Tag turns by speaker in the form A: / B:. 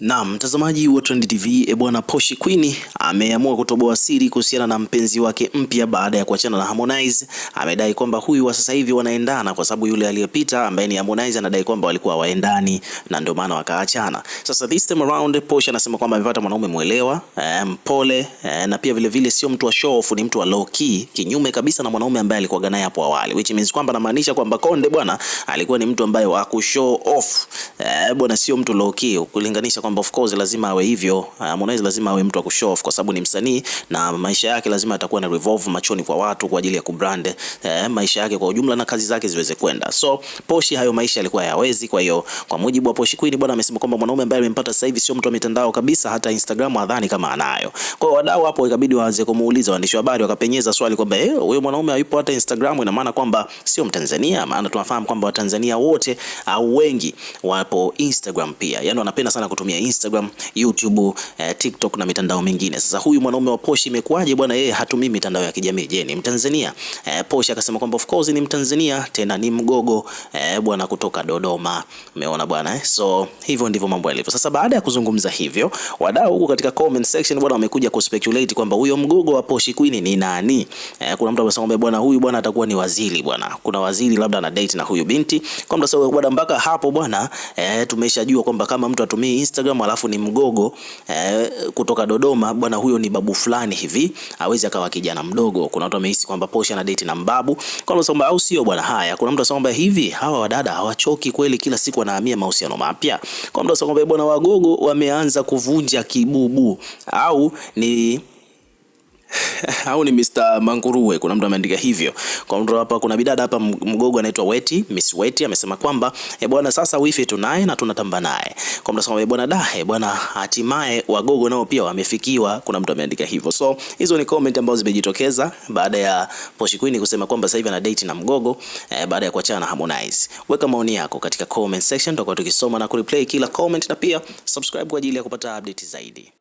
A: Na mtazamaji wa Trend TV, e bwana, Poshy Queen ameamua kutoboa siri kuhusiana na mpenzi wake mpya baada ya kuachana na Harmonize. Amedai kwamba huyu wa sasa hivi wanaendana kwa sababu yule aliyepita ambaye ni Harmonize anadai kwamba walikuwa waendani na ndio maana wakaachana. Sasa this time around Poshi anasema kwamba amepata mwanaume mwelewa, eh, mpole eh, na pia vile vile sio mtu wa show off, ni mtu wa low key, kinyume kabisa na mwanaume ambaye alikuwa naye hapo awali, which means kwamba anamaanisha kwamba Konde bwana alikuwa ni mtu ambaye wa kushow off. Eh, bwana sio mtu low key kulinganisha kwamba of course lazima awe hivyo. Ah, Harmonize lazima awe mtu wa kushow off kwa sababu ni msanii na maisha yake lazima atakuwa na revolve machoni kwa watu kwa ajili ya kubrand eh, maisha yake kwa ujumla na kazi zake ziweze kwenda. So Poshi hayo maisha yalikuwa hayawezi. Kwa hiyo kwa mujibu wa Poshi Queen bwana amesema kwamba mwanaume ambaye amempata sasa hivi sio mtu wa mitandao kabisa, hata Instagram hadhani kama anayo. Kwa hiyo wadau hapo ikabidi waanze kumuuliza, waandishi wa habari wakapenyeza swali kwamba eh, huyo mwanaume hayupo hata Instagram, ina maana kwamba sio Mtanzania? Maana tunafahamu kwamba Watanzania wote au wengi wapo Instagram pia, yani wanapenda sana kutumia kutumia Instagram, YouTube, eh, TikTok na mitandao mingine. Sasa huyu mwanaume wa Posh imekuwaje bwana, yeye hatumii mitandao ya kijamii? Je, ni Mtanzania? Eh, Posh akasema kwamba of course ni Mtanzania, tena ni mgogo eh, bwana kutoka Dodoma. Umeona bwana eh? So hivyo ndivyo mambo yalivyo. Sasa baada ya kuzungumza hivyo, wadau huko katika comment section bwana wamekuja kuspeculate kwamba huyo mgogo wa Posh Queen ni nani? Eh, kuna mtu amesema kwamba bwana huyu bwana atakuwa ni waziri bwana. Kuna waziri labda ana date na huyu binti. Kwa mtu mpaka hapo bwana eh, tumeshajua kwamba kama mtu atumii Instagram Instagram, alafu ni mgogo eh, kutoka Dodoma bwana, huyo ni babu fulani hivi, awezi akawa kijana mdogo. Kuna watu wamehisi kwamba Posha na date na mbabu kwamba, au sio bwana? Haya, kuna mtu anasema hivi hawa wadada hawachoki kweli, kila siku wanahamia mahusiano mapya. Kwa mtu anasema bwana, wagogo wameanza kuvunja kibubu au ni au ni Mr Manguruwe, kuna mtu ameandika hivyo. Kwa mtu hapa, kuna bidada hapa mgogo anaitwa Weti, Miss Weti amesema kwamba e bwana, sasa wifi tunaye na tunatamba naye. Kwa mtu anasema eh bwana, da e bwana, hatimaye wagogo nao pia wamefikiwa, kuna mtu ameandika hivyo. So hizo ni comment ambazo zimejitokeza baada ya Poshi Queen kusema kwamba sasa hivi ana date na mgogo e, baada ya kuachana na Harmonize. Weka maoni yako katika comment section, tutakuwa tukisoma na kureplay kila comment, na pia subscribe kwa ajili ya kupata update zaidi.